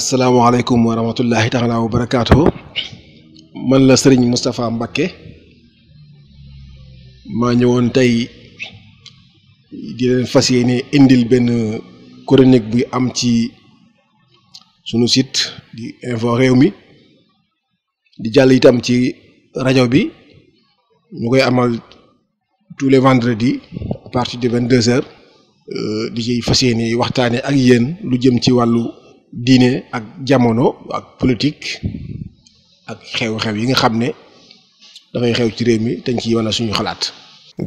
asalaamaaleykum wa rahmatullahi taala wa man la sëriñ Moustapha Mbacké maa ñëwoon tey di leen fas yéene indil benn chronique bi am ci sunu site di info réew mi di jàll itam ci rajo bi ñu koy amal tous les vendredis à partir de vingt deux heures euh, di ci fas yéene waxtaane ak yéen lu jëm ci wàllu diine ak jamono ak politique ak xew-xew yi nga xam ne dafay xew ci réew mi dañ ci wane suñu xalaat.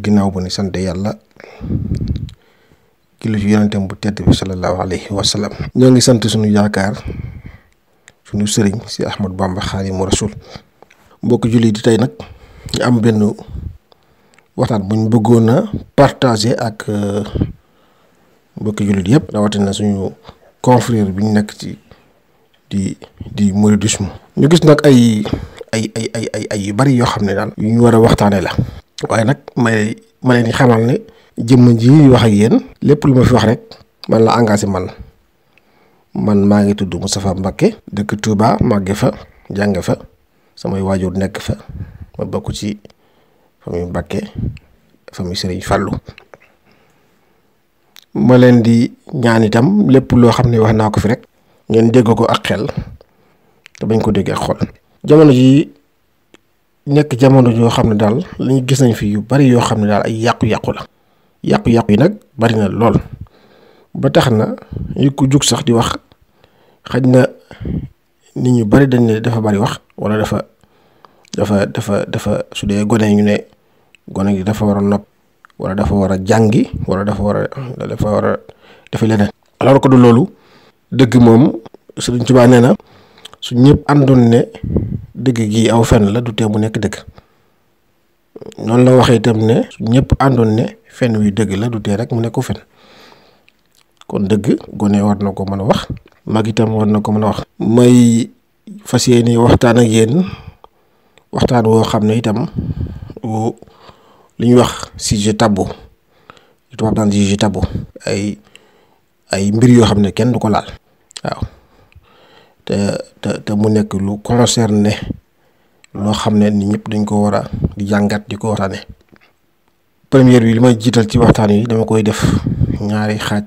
ginnaaw bu ne sant yàlla ki lu ci yonentam bu tedd bi sallallahu alayhi wa ñoo ngi sant suñu yaakaar suñu sëriñ si Ahmad Bamba Xaadimu Rasuul mbokk julli tey nag ñu am benn waxtaan bu ñu bëggoon a partager ak euh, mbokk jullit yëpp na suñu. confrère bi ñu nekk ci di di mouridisme ñu gis nag ay ay ay ay ay ay yu bari yoo xam ne daal yu ñu war a waxtaanee la waaye nag may ma leen di xamal ne jëmm ji wax ak yéen lépp lu ma fi wax rek man la engagé man man maa ngi tudd Moustapha Mbacké dëkk Touba màgge fa jànge fa samay waajur nekk fa ma bokk ci famille Mbacké famille Serigne Fallou ma leen di ñaan itam lépp loo xam ne wax naa ko fi rek ngeen dégg ko ak xel te bañ ko déggee ak xol jamono ji nekk jamono joo xam ne daal li ñu gis nañ fi yu bari yoo xam ne daal ay yàqu-yàqu la yàqu-yàqu yi nag bari na lool ba tax na ñu ko jug sax di wax xaj na nit ñu bari dañ ne dafa bari wax wala dafa dafa dafa dafa su dee gone ñu ne gone gi dafa war a nopp wala dafa war a jàngi wala dafa war a dafa war a leneen. alors que du loolu dëgg moom Sëriñ Tuubaa nee na su ñëpp àndoon ne dëgg gi aw fenn la du mu nekk dëgg noonu la waxee itam ne su ñëpp àndoon ne fenn wi dëgg la du tee rek mu nekku fenn kon dëgg gone war na ko mën a wax mag itam war na ko mën a wax. may fas yéene waxtaan ak yéen waxtaan woo xam ne itam li ñuy wax sujet tabou li tubaab daan sujet tabou ay ay mbir yoo xam ne kenn du ko laal waaw te te mu nekk lu concerné loo xam ne nit ñëpp dañ ko war a di jàngat di ko waxtaane première bi li may jiital ci waxtaan wi dama koy def ñaari xaaj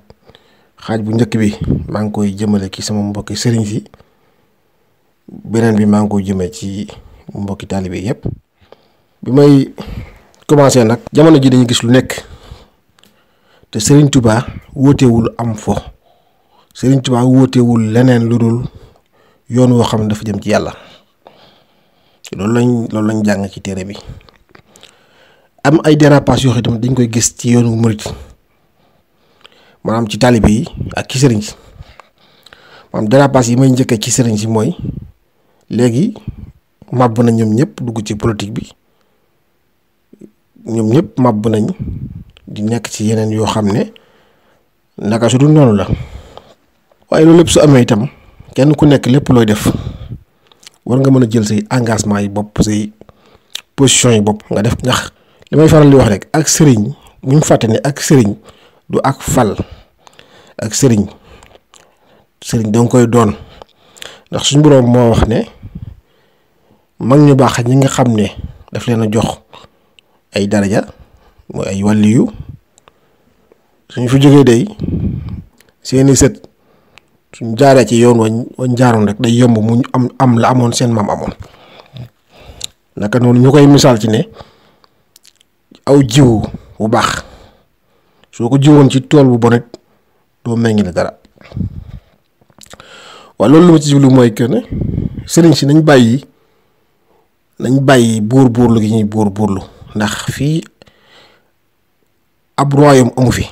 xaaj bu njëkk bi maa ngi koy jëmmale ki sama mbokki sëriñ fi beneen bi maa ngi koy jëmee ci mbokki taalibe yëpp bi may commencé nak jamono ji dañu gis lu nekk te touba tuba wul am fo sëriñ tuba wote leneen lu dul yoon wo xam dafa jëm ci yalla lolou lañ lolou lañ jang ci téré bi am ay dérapage yo xitam dañ koy gis ci yoonu murit manam ci talibi ak ci serigne manam dérapage yi may ñëkke ci serigne ci moy légui mabbu na ñom ñëpp dugg ci politique bi ñoom ñëpp màbb nañ di nekk ci yeneen yoo xam ne naka su dul noonu la waaye loolu lépp su amee itam kenn ku nekk lépp looy def war nga mën a jël say engagement yi bopp say position yi bopp nga def ndax li may faral di wax rek ak sëriñ bu ñu fàtte ne ak sëriñ du ak fal ak sëriñ sëriñ danga koy doon ndax suñ boroom moo wax ne mag ñu baax ñi nga xam ne daf leen a jox ay daraja mooy ay wàlliyu suñ fi jógee day seeni set suñ jaaree ci yoon wañ jaaroon rek day yomb mu am am la amoon seen maam amoon naka noonu ñu koy misaal ci ne aw jiwu bu baax soo ko jiwoon ci tool bu bon it doo méngale dara waaw loolu lu ma ci jublu mooy que ne sëriñ si nañ bàyyi nañ bàyyi buur buurlu gi ñuy buur buurlu ndax fi ab royaume amu fi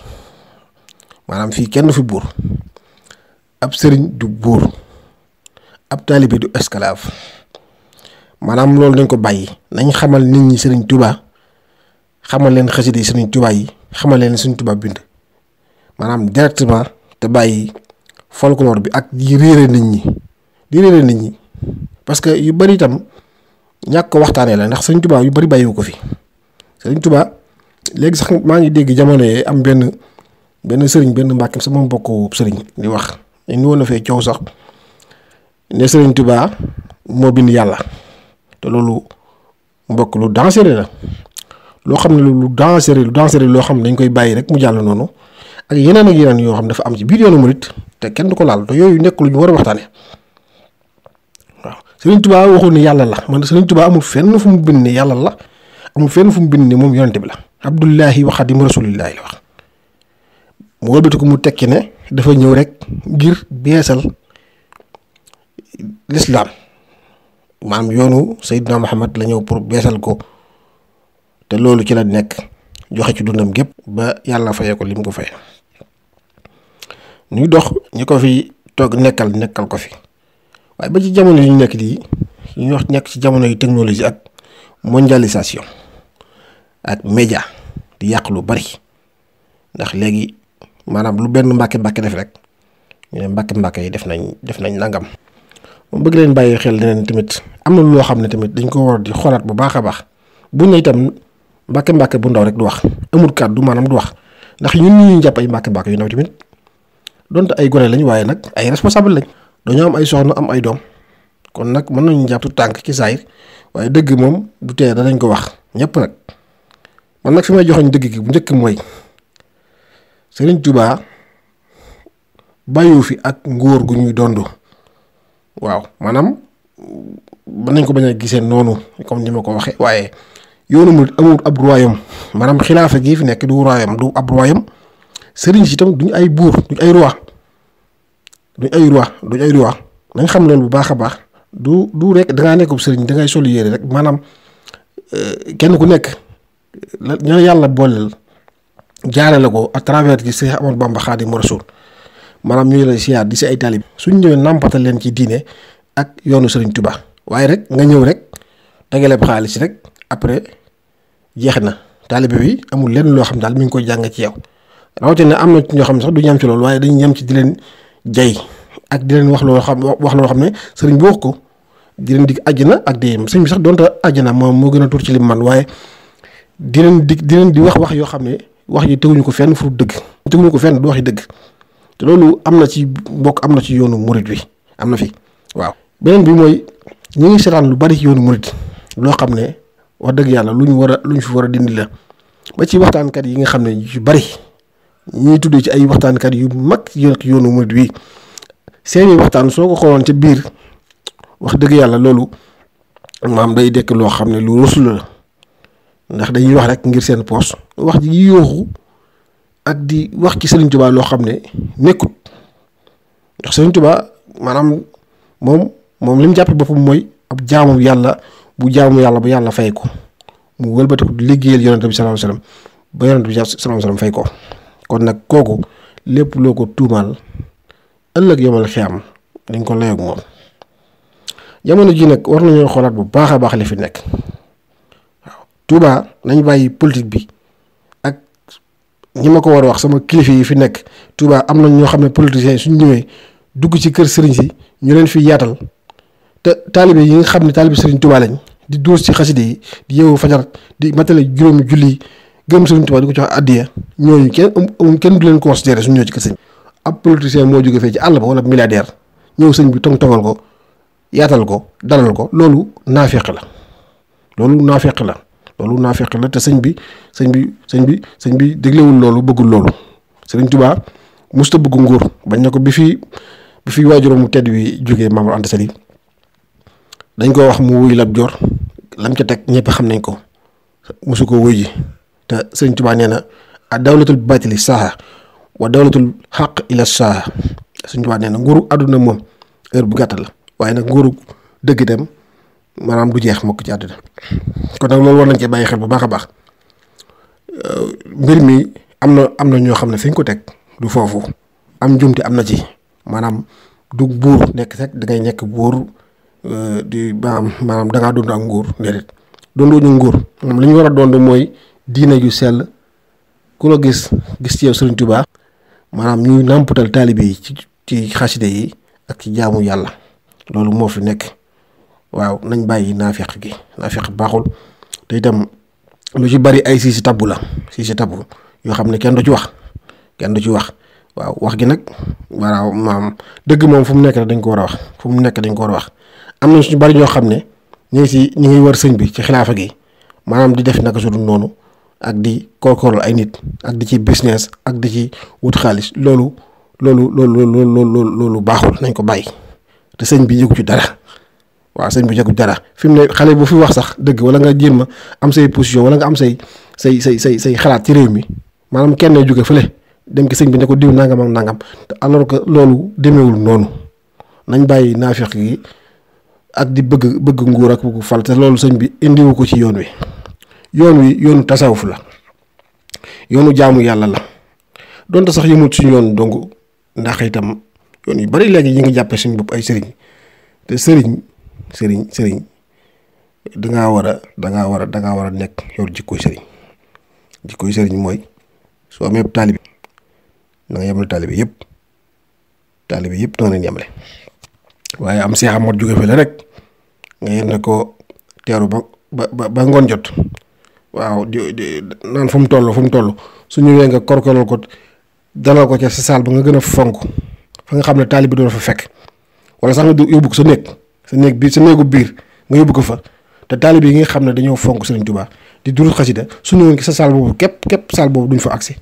manam fi kenn fi bur ab serigne du bur ab taalibe du esclave manam lolou nañ ko bayyi nañ xamal nit ñi serigne tuba xamal leen xasida yi tuba yi xamal leen serigne tuba bind manam directement te bayyi folklore bi ak di réere nit ñi di réere nit ñi parce que yu bari tam ñak waxtane la ndax serigne tuba yu bari bayiwuko fi sëriñ tubaa léegi sax maa ngi dégg jamono yee am benn benn sëriñ benn mbàkkam sama mbokk sëriñ di wax ñu woon na fee coow sax ne sëriñ tubaa moo bind yàlla te loolu mbokk lu dangereux la loo xam ne lu dangereux lu dangereux loo xam ne dañ koy bàyyi rek mu jàll noonu ak yeneen ak yeneen yoo xam dafa am ci biir yoonu murit te kenn du ko laal te yooyu nekk lu ñu war a waxtaane waaw sëriñ Tuubaa waxul ne yàlla la man sëriñ tubaa amul fenn fu mu bind ne yàlla la. amul fenn fu mu bind ni moom yonent bi la abdullahi wa xadim rasulillahi la wax mu wëlbati ko mu tekki ne dafa ñëw rek ngir beesal lislaam maam yoonu Seydina Muhammad la ñëw pour beesal ko te loolu ci la nekk joxe ci dundam gépp ba yàlla fayee ko lim ko fay ñuy dox ñi ko fi toog nekkal nekkal ko fi waaye ba ci jamono yu nekk di ñu wax nekk ci jamono yu technologie ak mondialisation ak meja di yàq lu bari ndax léegi maanaam lu benn mbàkke mbàkke def rek ñu ne mbàkke mbàkke yi def nañ def nañ nangam mu bëgg leen bàyyi xel leneen tamit am na loo xam ne dañ ko war di xoolaat bu baax a baax bu ñu itam mbàkke mbàkke bu ndaw rek du wax amul kàddu maanaam du wax ndax ñun ñu ñu jàpp ay mbàkke mbàkke yu ndaw tamit donte ay gone lañ waaye nag ay responsable lañ dañoo am ay soxna am ay doom kon nag mën nañu jàpp tànk ci saayir waaye dëgg moom du tee danañ ko wax ñëpp nag man nag fi may joxoñ dëgg gi bu njëkk mooy Serigne Touba bàyyiwu fi ak ngóor gu ñuy dond waaw maanaam mën nañ ko bañ a gisee noonu comme ni ma ko waxee waaye yoonu mu amul ab royaume maanaam xilaafa gi fi nekk du royaume du ab royaume sëriñ si itam duñ ay buur duñ ay roi duñ ay roi duñ ay roi xam loolu bu baax a baax du du rek dangaa nekkub sëriñ dangay sol yére rek maanaam euh, kenn ku nekk. ña yàlla booleel la ko à travers ci Seex Ahmadu Bamba Xaadimu Rasuul maanaam ñu la siyaar di si ay taalib suñ ñëwee nàmpatal leen ci diine ak yoonu Sëriñ tubaa waaye rek nga ñëw rek dagaleeb xaalis rek après jeex na taalibe bi amul leen loo xam daal mi ngi koy jàng ci yow rawatina am na ci ñoo xam ne sax du ñu ci lool waaye dañu yem ci di leen jay ak di leen wax loo xam wax loo xam ne sëriñ bi wax ko di leen dig na ak déem sëriñ bi sax doonte àjjana moom moo gën a tur ci lim man waaye di leen di di wax wax yoo xam ne wax yi teguñu ko fenn fu dëgg teguñu ko fenn du waxi dëgg te loolu am na ci mbokk am na ci yoonu murit bi am na fi waaw. beneen bi mooy ñu ngi seetaan lu bari ci yoonu murit loo xam ne wax dëgg yàlla lu ñu war a lu fi war a dindi la ba ci waxtaankat yi nga xam ne yu bari ñuy tuddee ci ay waxtaankat yu mag yoonu murit bi seeni waxtaan soo ko xooloon ca biir wax dëgg yàlla loolu maam day dekk loo xam ne lu rësul la. ndax dañuy wax rek ngir seen poos wax ji yooxu ak di wax ci Serigne tubaa loo xam ne nekkut ndax Serigne Touba maanaam moom moom li mu jàppe boppam mooy ab jaamu yàlla bu jaamu yàlla bu yàlla fay ko mu wëlbatiku di liggéeyal yonent bi sallallahu alayhi wasallam ba yonent bi sallallahu alayhi wasallam fay ko kon nag kooku lépp loo ko tuumaal ëllëg yomal xiyam dañ ko layoog moom jamono ji nag war nañoo xoolaat bu baax a baax la fi nekk Touba nañ bàyyi politique bi ak ñi ma ko war a wax sama kilifa yi fi nekk Touba am nañ ñoo xam ne politiciens yi suñ ñëwee dugg ci kër sëriñ si ñu leen fi yaatal te taalibe yi nga xam ne taalibe sëriñ Touba di duus si xaside yi di yeewu fajar di matale juróom julli gërëm sëriñ Touba di ko jox addiya ñooñu kenn kenn du leen considéré suñ ñëw ci kër sëriñ ab politicien moo jóge fee ci àll ba wala milliardaire ñëw sëñ bi tong tongal ko yaatal ko dalal ko loolu naafeq la loolu naafeq la loolu nafiq la te seigne bi seigne bi seigne bi seigne bi wul loolu beugul loolu seigne touba musta beug ngour bañ nako bi fi bi fi waajuram tedd wi joge mamadou dañ ko wax mu wuy lab jor lam ci tek ñepp xam nañ ko musu ko wuy ji te seigne touba neena ad dawlatul batil saaha wa dawlatul haqq ila saaha seigne touba neena nguru aduna mom bu la dem maanaam du jeex mukk ci àddina kon nag loolu war nañ cee bàyyi xel bu baax a baax mbir mi am na am na ñoo xam ne fi ñu ko teg du foofu am njumte am na ci maanaam du buur nekk rek dangay nekk buur euh, di maanaam maanaam dangaa dund ak nguur déedéet dundoo ñu nguur moom li ñu war a dond mooy diina yu sell ku la gis gis ci yow Sëriñ Tuubaa maanaam ñuy nàmputal taalibe yi ci ci xaside yi ak ci jaamu yàlla loolu moo fi nekk waaw nañ bàyyi naafiq gi naafiq baaxul te itam lu ci bari ay si tabu la si tabu yoo xam ne kenn du ci wax kenn du ci wax waaw wax gi nag waaw maam dëgg moom fu mu nekk dañ ko war a wax fu mu nekk dañ ko war a wax am na suñu bari ñoo xam ne ñu ngi si ñu ngi war sëñ bi ci xilaafa gi maanaam di def naka su dul noonu ak di kookooral ay nit ak di ci business ak di ci wut xaalis loolu loolu loolu loolu loolu loolu baaxul nañ ko bàyyi te sëñ bi yëgu ci dara waaw sëñ bu jëkk dara fi mu ne xale boo fi wax sax dëgg wala nga jéem a am say position wala nga am say say say say say xalaat ci réew mi maanaam kenn lay jóge fële dem ki sëñ bi ne ko diw nangam ak nangam te alors que loolu demewul noonu nañ bàyyi naafiq yi ak di bëgg bëgg nguur ak bëgg fal te loolu sëñ bi indiwu ko ci yoon wi yoon wi yoonu tasawuf la yoonu jaamu yàlla la donte sax yëmul suñu yoon dong ndax itam yoon yu bari léegi ñu ngi jàppee suñu bopp ay sëriñ sëriñ sëriñ dangaa war a dangaa war a dangaa war a nekk yor jikkoy sëriñ jikkoy sëriñ mooy soo amee taalibe na nga yemale taalibe yëpp taalibe yëpp da nga leen waaye am Seex Amadu jóge fi la rek nga yéen ko teeru ba ba ba ngoon jot waaw di di naan fu mu toll fu mu toll su ñëwee nga korkolal ko dalal ko ca sa saal ba nga gën a fonk fa nga xam ne taalibe doo fa fekk wala sax nga yóbbu sa néeg sa néeg biir sa néegu biir nga yóbbu ko fa te taalibe yi nga xam ne dañoo fonk Sëriñ Tuubaa di durus xasida su ñu woon ki sa saal boobu képp képp saal boobu duñ fa accès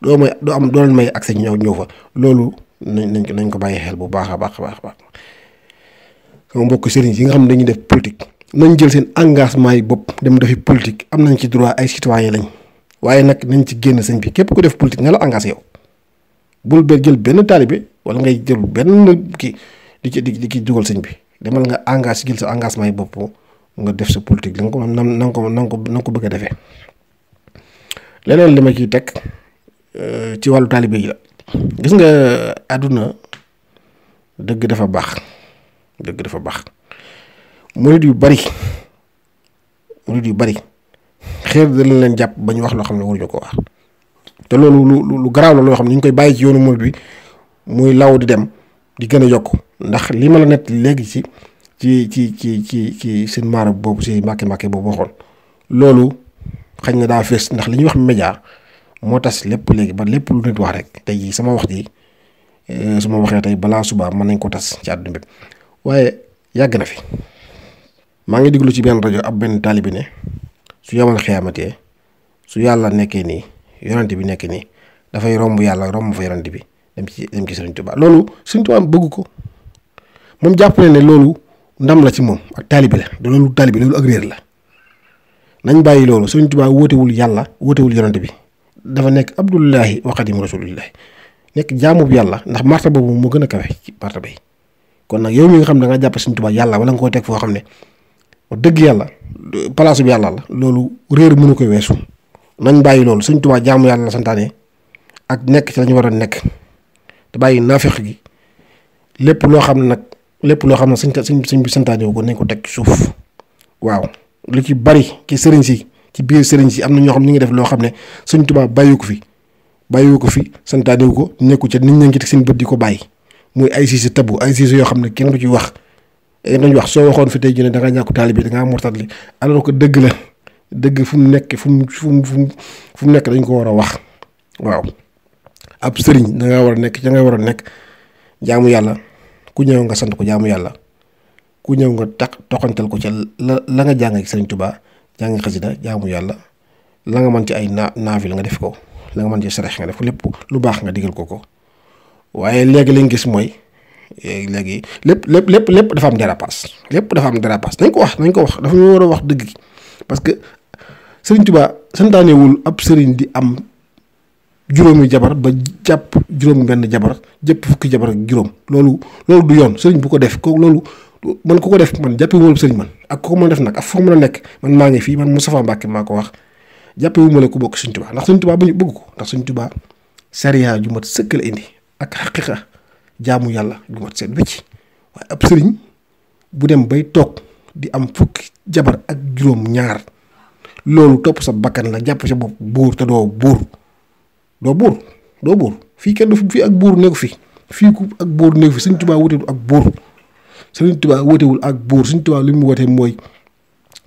doo may doo am doo leen may accès ñëw ñëw fa loolu nañ nañ ko nañ ko bàyyi xel bu baax a baax a baax sama mbokk sëriñ yi nga xam ne dañuy def politique nañ jël seen engagement yi bopp dem defi politique am nañ ci droit ay citoyen lañ waaye nag nañ ci génn sëñ bi képp ku def politique nga la engagé yow bul benn jël benn taalibe wala ngay jël benn kii di ci di ci dugal sëñ bi. demal nga engage gil sa engagement yi bopp nga def sa politique nang ko nang ko nang ko nang ko bëgg a leneen lima euh, ci tek ci walu talibé yi gis nga aduna deug dafa bax deug dafa bax mourid yu bari mourid yu bari xeer dana leen japp bañ wax lo xam wul waruñu ko wax té lolu lu lu garaaw la loo xam ñu koy bayyi ci yoonu mourid bi muy law di dem di gëna yokku ndax li ma la net ki ci ci ci ci ci ci seen mara bobu si màkke màkke bobu waxon lolu xagn na da fees ndax liñ wax média mo tass lepp léegi ba lepp lu nit wax rek tay sama wax di euh ma waxee tay bala suba man nañ ko tass ci addu mbé waaye yag na fi ma ngi diglu ci ben radio ab ben taalibi su yamal xiyaamatee su yalla nekké ni yonante bi ni da fay rombu yalla rombu fa bi dem ci dem ci Serigne Touba loolu Serigne Touba bëgg ko mom jàpp ne ne loolu ndam la ci mom ak talib la loolu talib loolu ak reer la nañ bayyi loolu Serigne Touba yalla wote wul yonent bi dafa nek Abdullahi wa Rasulullah. Nek jamu bi yalla ndax martaba boobu mo gëna kawé ci martaba yi kon nak yow mi nga xam da nga japp Serigne Touba yalla wala nga ko tek fo xam ne wax yalla place bi yalla la loolu reer mënu ko wessu nañ bayyi Serigne Touba jaamu yalla santane ak nek ci lañu wara nek te bàyyi naafeq gi lépp loo xam ne nag lépp loo xam ne sëñ sëñ sëñ bi ko nañ ko teg ci suuf waaw lu ci bari ci sëriñ si ci biir sëriñ si am na ñoo xam ne ñu ngi def loo xam ne sëñ Tuubaa bàyyi ko fi bàyyi ko fi santaane ko nekku ca nit ña ngi teg seen bët di ko bàyyi muy ay siis tabu ay siis yoo xam ne kenn lu ci wax kenn du wax soo waxoon fi tey jii da ngaa ñàkku taalibe da ngaa murtad li alors ko dëgg la dëgg fu mu nekk fu mu fu mu fu mu nekk dañ ko war a wax waaw. ab serigne da nga wara nek ci nga wara nek jaamu yalla ku ñew nga sant ko jaamu yalla ku ñew nga tax toxantal ko ci la nga jang ak serigne touba jang xasida jaamu yalla la nga man ci ay naa nga def ko la nga man ci sarax nga def lepp lu bax nga digal ko ko waye legui li gis moy eh, legui lepp lepp lepp lepp dafa am dérapage lepp dafa am dérapage nañ ko wax nañ ko wax dafa ñu wara wax deug parce que touba santane wul ab serigne di am juroomi jabar ba jàpp juróom benn jabar jëpp fukki jabar ak juróom loolu loolu du yoon sëriñ bu ko def ko loolu man ku ko def man jàppi wóolu sëriñ man ak ko mën def nag ak foo mën a nekk man maa ngi fii man Moustapha Mbacke maa ko wax jàppi wu ma la ku bokk suñ tubaa ndax suñ tubaa bañu bëgg ko ndax suñ tubaa sharia ju mat sëkk la indi ak xaqiqa jaamu yàlla ju mat seet wécc waaye ab sëriñ bu dem bay toog di am fukki jabar ak juróom ñaar loolu topp sa bakkan la jàpp sa bopp buur te doo buur doo buur doo buur fii kenn du fi ak buur nekku fi fii ku ak buur nekk fi Sëriñ Tuubaa wutewul ak buur Sëriñ Tuubaa wutewul ak buur Sëriñ li mu wootee mooy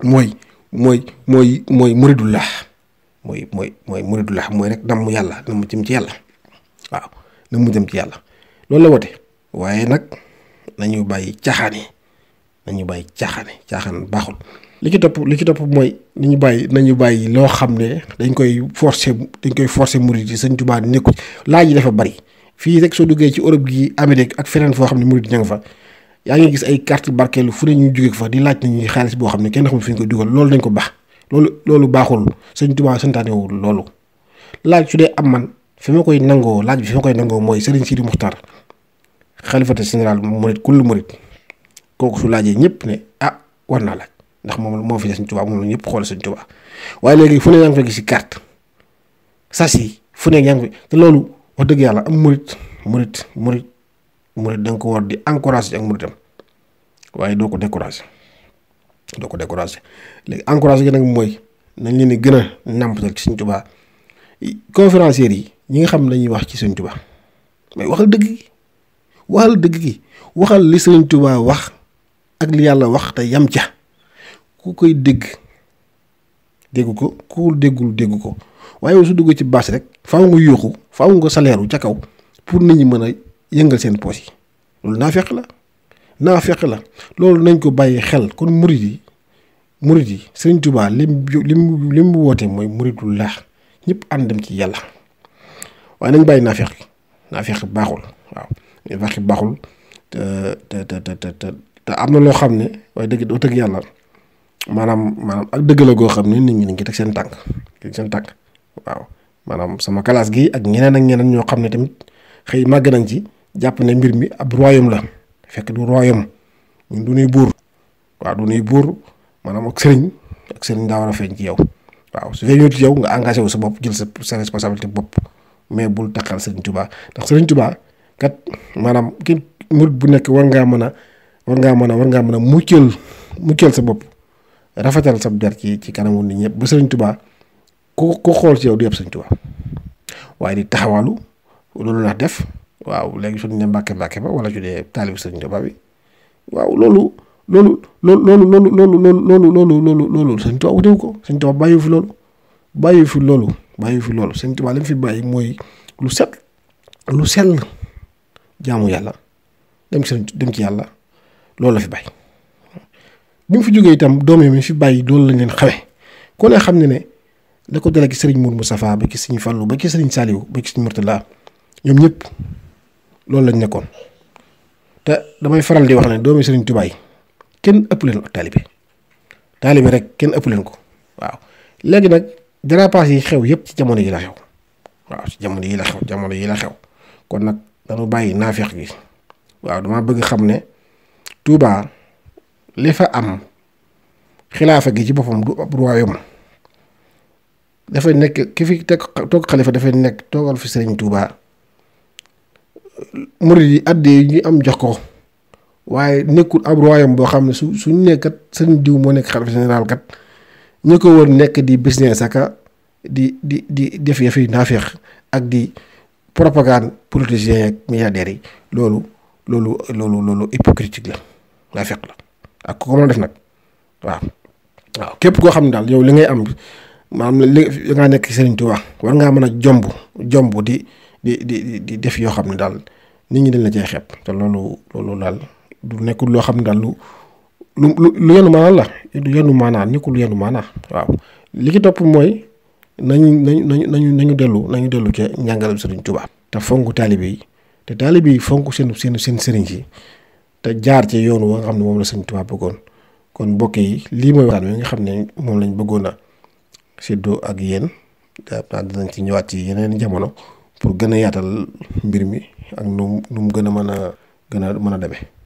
mooy mooy mooy mooy muridullah mooy mooy mooy muridullah mooy rek namm yàlla mu jëm ci yàlla waaw mu jëm ci yàlla loolu la woote waaye nag nañu bàyyi caaxaan yi nañu bàyyi caaxaan yi caaxaan baaxul li ci topp li ci topp mooy nañu bàyyi nañu bàyyi loo xam ne dañ koy forcer dañ koy forcer murid yi sëñ Tuubaa nekku laaj yi dafa bari fii rek soo duggee ci Europe gi Amérique ak feneen foo xam ne murid ña nga fa yaa ngi gis ay carte barkeelu fu ne ñu jóge fa di laaj nañuy xaalis boo xam ne kenn xamul fi ñu koy dugal loolu dañ ko baax loolu loolu baaxul sëñ Tuubaa santaanewul loolu laaj su dee am man fi ma koy nangoo laaj bi fi ma koy nangoo mooy Serigne Sidi Muxtaar xalifata général murid kullu murid kooku su laajee ñëpp ne ah war naa laaj ndax moom la moo fi ne Sëñ Tuubaa moom la ñëpp xool Sëñ Tuubaa waaye léegi fu ne yaa ngi fa gis carte sas yi fu ne yaa te loolu wax dëgg yàlla am murit murit murit murit da nga di encouragé ak muritam waaye doo ko découragé doo ko découragé léegi encouragé gi nag mooy nañ leen di gën a nàmpatal ci Sëñ Tuubaa yi ñi nga xam dañuy wax ci Sëñ mais waxal dëgg gi waxal dëgg gi waxal li Sëñ Tuubaa wax ak li yàlla wax te yam ca. ku koy dégg dégg ko ku déggul dégg ko waaye su duggee ci bâche rek faaw nga yuuxu faaw saleeru ca kaw pour nit mën a yëngal seen poos yi loolu naa la naa feq la loolu nañ ko bàyyi xel kon murit yi murit yi Sëriñ Tuubaa lim lim lim woote mooy muritul laax ñëpp àndam ci yàlla waaye nañ bàyyi naa feq naa feq baaxul waaw naa feq baaxul te te te te te am na loo xam ne waaye dëgg doo tëgg yàlla manam manam ak deug la go xamni nit ñi ngi tek seen tank teg seen tank waaw manam sama classe gi ak ñeneen ak ñeneen ñoo xamni tamit xey mag nañ ci japp ne mbir mi ab royaume la fekk du royaume ñun du nuy bur waaw du nuy buur manam ak sëriñ ak sëriñ da wara feñ ci yow waaw su feeñoo ci yow nga engagé wu sa bop jël sa responsabilité bop mais bul takal sëriñ touba ndax sëriñ touba kat manam ki murid bu nek war nga mëna war nga mëna war nga mëna a muccal sa bop rafetal sab der ci ci kanamu ni ñëpp ba sëriñ tubaa ku ku xool ci yow du yëpp sëriñ tubaa waaye di taxawalu loolu nax def waaw léegi suñu ne mbàkke mbàkke ba wala su dee taalibu sëriñ tubaa bi waaw loolu loolu loolu loolu loolu loolu loolu loolu loolu loolu sëriñ tubaa wutewu ko sëriñ tubaa bàyyiwu fi loolu bàyyiwu fi loolu bàyyiwu fi loolu sëriñ tubaa li mu bàyyi mooy lu set lu sell jaamu yàlla dem ci dem ci yàlla loolu la fi bàyyi bi fi joge itam doom mi fi bàyyi loolu lañ leen xamee ku ne xam ne ne la ko dala ci sëriñ Mour Moustapha ba ci sëriñ Fallou ba ci sëriñ Saliou ba ci sëriñ Mourtala ñoom ñëpp loolu lañ nekkoon te damay faral di wax ne doomi sëriñ Touba kenn ëpp leen talibe talibe rek kenn ëpp leen ko waaw léegi nag dérapage yi xew yëpp ci jamono yi la xew waaw ci jamono yi la xew jamono yi la xew kon nag dañu bàyyi naafeex gi waaw dama bëgg xam ne Touba. li fa am xilaafa gi ci boppam du ab royaume dafay nekk ki fi teg xalifa dafay nekk toogal fi sëriñ Touba murid yi adde yi ñu am jox ko waaye nekkul ab royaume boo xam ne su suñ nekkat sëriñ diw moo nekk xalifa général kat ñu ko war nekk di business aka di di di def yëf yi naafeex ak di propagande politiciens ak milliardaires yi loolu loolu loolu loolu hypocritique la naafeeq la ak ku ko mën a def nag waaw. waaw képp koo xam ne daal yow li ngay am maanaam li nga nekk Sëriñ Tuubaa war ngaa mën a jomb jomb di di di di def yoo xam ne daal nit ñi dañ la cay xeeb te daal du nekkul loo xam ne daal lu lu la lu yenu maanaa nekkul lu yenu waaw li ki topp mooy. nañu nañu nañu nañu dellu nañu dellu ca njàngalam sëriñ tubaab te fonk taalibe yi te taalibe yi fonk seen seen seen sëriñ si te jaar ci yoonu wa nga xam ne moom la sëñ Tuubaa bëggoon kon mbokk yi lii mooy waxtaan wi nga xam ne moom lañ bëggoon a séddoo ak yéen dinañ ci ñëwaat ci yeneen jamono pour gën a yaatal mbir mi ak nu mu nu mu gën a mën a gën a mën a demee.